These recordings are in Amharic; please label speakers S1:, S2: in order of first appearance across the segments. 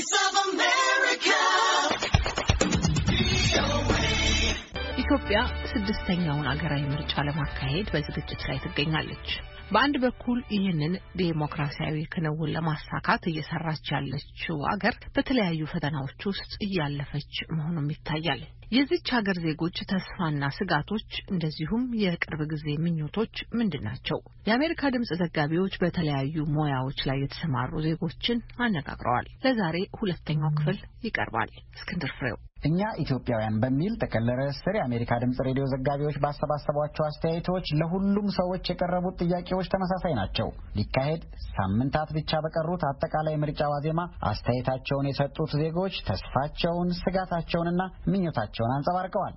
S1: voice of
S2: ስድስተኛውን አገራዊ ምርጫ ለማካሄድ በዝግጅት ላይ ትገኛለች። በአንድ በኩል ይህንን ዴሞክራሲያዊ ክንውን ለማሳካት እየሰራች ያለችው አገር በተለያዩ ፈተናዎች ውስጥ እያለፈች መሆኑም ይታያል። የዚች ሀገር ዜጎች ተስፋና ስጋቶች እንደዚሁም የቅርብ ጊዜ ምኞቶች ምንድን ናቸው? የአሜሪካ ድምጽ ዘጋቢዎች በተለያዩ ሙያዎች ላይ የተሰማሩ ዜጎችን አነጋግረዋል። ለዛሬ ሁለተኛው ክፍል ይቀርባል። እስክንድር ፍሬው እኛ ኢትዮጵያውያን በሚል ጥቅል ርዕስ ስር የአሜሪካ ድምፅ ሬዲዮ ዘጋቢዎች ባሰባሰቧቸው አስተያየቶች ለሁሉም ሰዎች የቀረቡት ጥያቄዎች ተመሳሳይ ናቸው። ሊካሄድ ሳምንታት ብቻ በቀሩት አጠቃላይ ምርጫ ዋዜማ አስተያየታቸውን የሰጡት ዜጎች ተስፋቸውን፣ ስጋታቸውንና ምኞታቸውን አንጸባርቀዋል።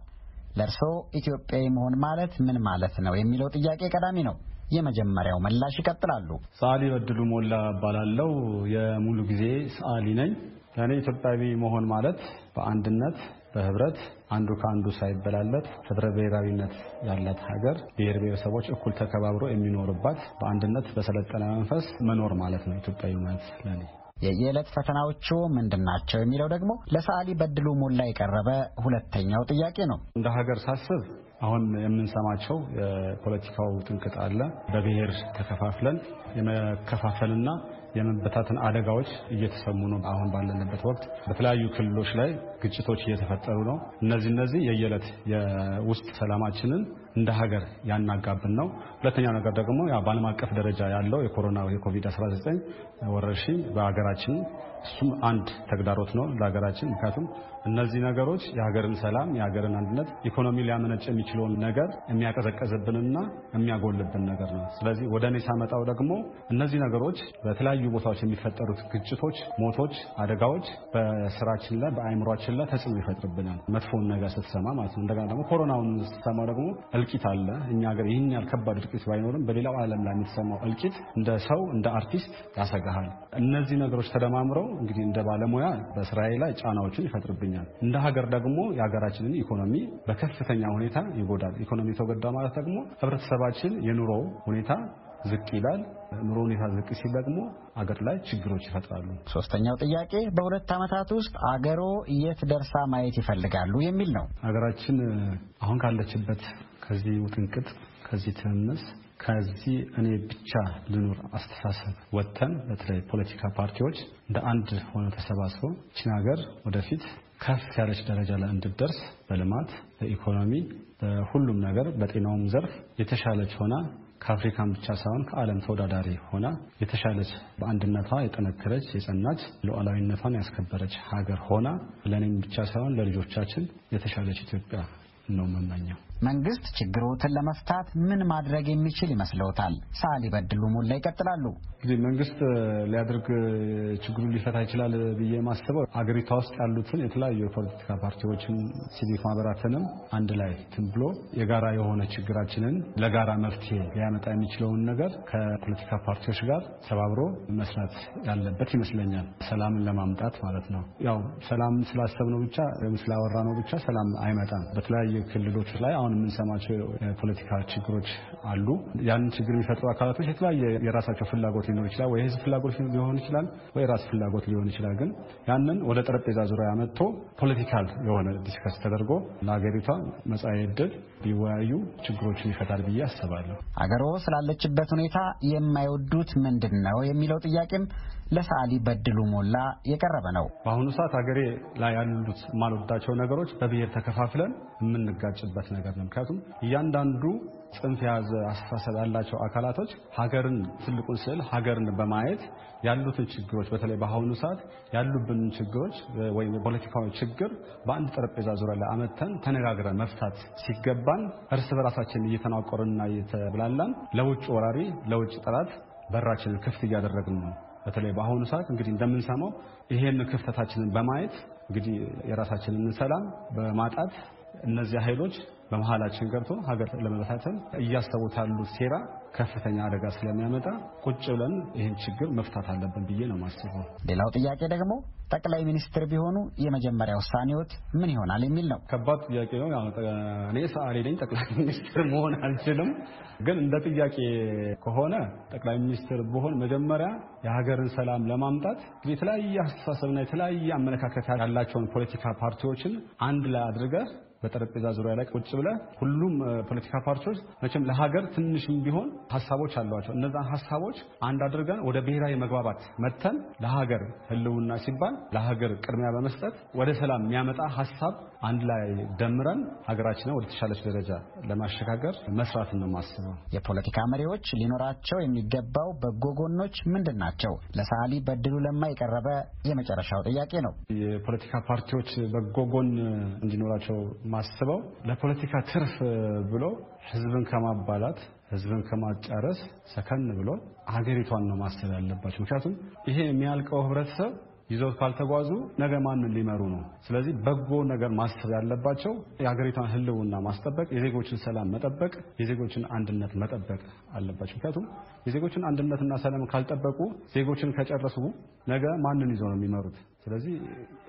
S2: ለእርስዎ ኢትዮጵያዊ መሆን ማለት ምን ማለት ነው የሚለው ጥያቄ ቀዳሚ ነው። የመጀመሪያው ምላሽ ይቀጥላሉ።
S1: ሰዓሊ በድሉ ሞላ እባላለሁ። የሙሉ ጊዜ ሰዓሊ ነኝ። ለእኔ ኢትዮጵያዊ መሆን ማለት በአንድነት በህብረት አንዱ ከአንዱ ሳይበላለት ህብረ ብሔራዊነት ያላት ሀገር ብሔር ብሔረሰቦች እኩል ተከባብሮ የሚኖርባት በአንድነት በሰለጠነ መንፈስ መኖር ማለት ነው ኢትዮጵያዊ ማለት ለእኔ። የየዕለት
S2: ፈተናዎቹ ምንድናቸው? የሚለው ደግሞ ለሰዓሊ በድሉ ሞላ የቀረበ ሁለተኛው ጥያቄ ነው።
S1: እንደ ሀገር ሳስብ አሁን የምንሰማቸው የፖለቲካው ጥንቅጥ አለ። በብሔር ተከፋፍለን የመከፋፈልና የመበታተን አደጋዎች እየተሰሙ ነው። አሁን ባለንበት ወቅት በተለያዩ ክልሎች ላይ ግጭቶች እየተፈጠሩ ነው። እነዚህ እነዚህ የየዕለት የውስጥ ሰላማችንን እንደ ሀገር ያናጋብን ነው። ሁለተኛው ነገር ደግሞ በዓለም አቀፍ ደረጃ ያለው የኮሮና የኮቪድ-19 ወረርሽኝ በሀገራችን እሱም አንድ ተግዳሮት ነው ለሀገራችን። ምክንያቱም እነዚህ ነገሮች የሀገርን ሰላም፣ የሀገርን አንድነት ኢኮኖሚ ሊያመነጭ የሚችል የሚችለውን ነገር የሚያቀዘቀዝብንና የሚያጎልብን ነገር ነው። ስለዚህ ወደ እኔ ሳመጣው ደግሞ እነዚህ ነገሮች በተለያዩ ቦታዎች የሚፈጠሩት ግጭቶች፣ ሞቶች፣ አደጋዎች በስራችን ላይ በአይምሯችን ላይ ተጽዕኖ ይፈጥርብናል። መጥፎውን ነገር ስትሰማ ማለት ነው። እንደገና ደግሞ ኮሮናውን ስትሰማው ደግሞ እልቂት አለ። እኛ ሀገር ይህን ያህል ከባድ እልቂት ባይኖርም በሌላው ዓለም ላይ የሚሰማው እልቂት እንደ ሰው እንደ አርቲስት ያሰጋሃል። እነዚህ ነገሮች ተደማምረው እንግዲህ እንደ ባለሙያ በስራዬ ላይ ጫናዎችን ይፈጥርብኛል። እንደ ሀገር ደግሞ የሀገራችንን ኢኮኖሚ በከፍተኛ ሁኔታ ይጎዳል። ኢኮኖሚ ተጎዳ ማለት ደግሞ ህብረተሰባችን የኑሮ ሁኔታ ዝቅ ይላል። ኑሮ ሁኔታ ዝቅ ሲል ደግሞ አገር ላይ ችግሮች ይፈጥራሉ። ሶስተኛው ጥያቄ
S2: በሁለት ዓመታት ውስጥ አገሮ የት ደርሳ ማየት ይፈልጋሉ የሚል ነው።
S1: አገራችን አሁን ካለችበት ከዚህ ውጥንቅጥ፣ ከዚህ ትምምስ፣ ከዚህ እኔ ብቻ ልኑር አስተሳሰብ ወጥተን በተለይ ፖለቲካ ፓርቲዎች እንደ አንድ ሆነ ተሰባስበው ችን ሀገር ወደፊት ከፍ ያለች ደረጃ ላይ እንድትደርስ በልማት በኢኮኖሚ በሁሉም ነገር በጤናውም ዘርፍ የተሻለች ሆና ከአፍሪካን ብቻ ሳይሆን ከዓለም ተወዳዳሪ ሆና የተሻለች በአንድነቷ የጠነከረች የጸናች ሉዓላዊነቷን ያስከበረች ሀገር ሆና ለእኔም ብቻ ሳይሆን ለልጆቻችን የተሻለች ኢትዮጵያ ነው መመኘው።
S2: መንግስት ችግሮትን ለመፍታት ምን ማድረግ የሚችል ይመስለውታል? ሰዓሊ በድሉ ሙላ
S1: ይቀጥላሉ። እንግዲህ መንግስት ሊያደርግ ችግሩን ሊፈታ ይችላል ብዬ የማስበው አገሪቷ ውስጥ ያሉትን የተለያዩ የፖለቲካ ፓርቲዎችን፣ ሲቪክ ማህበራትንም አንድ ላይ ትን ብሎ የጋራ የሆነ ችግራችንን ለጋራ መፍትሄ ሊያመጣ የሚችለውን ነገር ከፖለቲካ ፓርቲዎች ጋር ተባብሮ መስራት ያለበት ይመስለኛል። ሰላምን ለማምጣት ማለት ነው። ያው ሰላም ስላሰብነው ብቻ ወይም ስላወራነው ብቻ ሰላም አይመጣም። በተለያዩ በተለያዩ ክልሎች ላይ አሁን የምንሰማቸው የፖለቲካ ችግሮች አሉ። ያንን ችግር የሚፈጥሩ አካላቶች የተለያየ የራሳቸው ፍላጎት ሊኖር ይችላል፣ ወይ ህዝብ ፍላጎት ሊሆን ይችላል፣ ወይ ራስ ፍላጎት ሊሆን ይችላል። ግን ያንን ወደ ጠረጴዛ ዙሪያ መጥቶ ፖለቲካል የሆነ ዲስከስ ተደርጎ ለሀገሪቷ መጻኢ ዕድል ቢወያዩ ችግሮችን ይፈታል ብዬ አስባለሁ። አገሮ ስላለችበት
S2: ሁኔታ የማይወዱት ምንድን ነው የሚለው ጥያቄም ለሰዓሊ በድሉ ሞላ የቀረበ ነው።
S1: በአሁኑ ሰዓት ሀገሬ ላይ ያሉት የማልወዳቸው ነገሮች በብሔር ተከፋፍለን የምንጋጭበት ነገር ነው። ምክንያቱም እያንዳንዱ ጽንፍ የያዘ አስተሳሰብ ያላቸው አካላቶች ሀገርን ትልቁን ስዕል ሀገርን በማየት ያሉትን ችግሮች በተለይ በአሁኑ ሰዓት ያሉብንን ችግሮች ወይም የፖለቲካዊ ችግር በአንድ ጠረጴዛ ዙሪያ ላይ አመተን ተነጋግረን መፍታት ሲገባን እርስ በራሳችን እየተናቆርና እየተብላላን ለውጭ ወራሪ ለውጭ ጠላት በራችንን ክፍት እያደረግን ነው። በተለይ በአሁኑ ሰዓት እንግዲህ እንደምንሰማው ይሄን ክፍተታችንን በማየት እንግዲህ የራሳችንን ሰላም በማጣት እነዚህ ኃይሎች በመሃላችን ገብቶ ሀገር ለመበታተን እያሰቡት ያሉት ሴራ ከፍተኛ አደጋ ስለሚያመጣ ቁጭ ብለን ይህን ችግር መፍታት አለብን ብዬ ነው የማስበው።
S2: ሌላው ጥያቄ ደግሞ ጠቅላይ ሚኒስትር ቢሆኑ የመጀመሪያ ውሳኔዎት
S1: ምን ይሆናል የሚል ነው። ከባድ ጥያቄ ነው። እኔ ሰዓሊ ነኝ፣ ጠቅላይ ሚኒስትር መሆን አልችልም። ግን እንደ ጥያቄ ከሆነ ጠቅላይ ሚኒስትር ብሆን መጀመሪያ የሀገርን ሰላም ለማምጣት የተለያየ አስተሳሰብና የተለያየ አመለካከት ያላቸውን ፖለቲካ ፓርቲዎችን አንድ ላይ አድርገህ በጠረጴዛ ዙሪያ ላይ ቁጭ ብለ ሁሉም ፖለቲካ ፓርቲዎች መቼም ለሀገር ትንሽም ቢሆን ሀሳቦች አሏቸው። እነዛን ሀሳቦች አንድ አድርገን ወደ ብሔራዊ መግባባት መተን ለሀገር ህልውና ሲባል ለሀገር ቅድሚያ በመስጠት ወደ ሰላም የሚያመጣ ሀሳብ አንድ ላይ ደምረን ሀገራችንን ወደ ተሻለች ደረጃ ለማሸጋገር መስራት ነው የማስበው። የፖለቲካ መሪዎች ሊኖራቸው
S2: የሚገባው በጎ ጎኖች ምንድን ናቸው? ለሳሊ በድሉ ለማ የቀረበ የመጨረሻው
S1: ጥያቄ ነው። የፖለቲካ ፓርቲዎች በጎ ጎን እንዲኖራቸው የማስበው ለፖለቲካ ትርፍ ብሎ ህዝብን ከማባላት ህዝብን ከማጫረስ ሰከን ብሎ ሀገሪቷን ነው ማሰብ ያለባቸው። ምክንያቱም ይሄ የሚያልቀው ህብረተሰብ ይዞት ካልተጓዙ ነገ ማንን ሊመሩ ነው? ስለዚህ በጎ ነገር ማሰብ ያለባቸው የሀገሪቷን ህልውና ማስጠበቅ፣ የዜጎችን ሰላም መጠበቅ፣ የዜጎችን አንድነት መጠበቅ አለባቸው። ምክንያቱም የዜጎችን አንድነትና ሰላም ካልጠበቁ፣ ዜጎችን ከጨረሱ ነገ ማንን ይዞ ነው የሚመሩት? ስለዚህ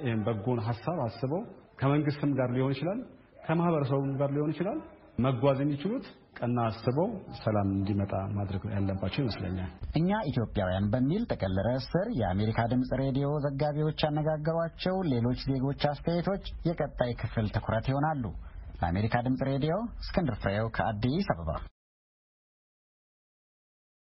S1: ይህም በጎን ሀሳብ አስበው ከመንግስትም ጋር ሊሆን ይችላል፣ ከማህበረሰቡም ጋር ሊሆን ይችላል። መጓዝ የሚችሉት ቀና አስበው ሰላም እንዲመጣ ማድረግ
S2: ያለባቸው ይመስለኛል። እኛ ኢትዮጵያውያን በሚል ጥቅል ርዕስ ስር የአሜሪካ ድምፅ ሬዲዮ ዘጋቢዎች ያነጋገሯቸው ሌሎች ዜጎች አስተያየቶች የቀጣይ ክፍል ትኩረት ይሆናሉ። ለአሜሪካ ድምፅ ሬዲዮ እስክንድር ፍሬው ከአዲስ አበባ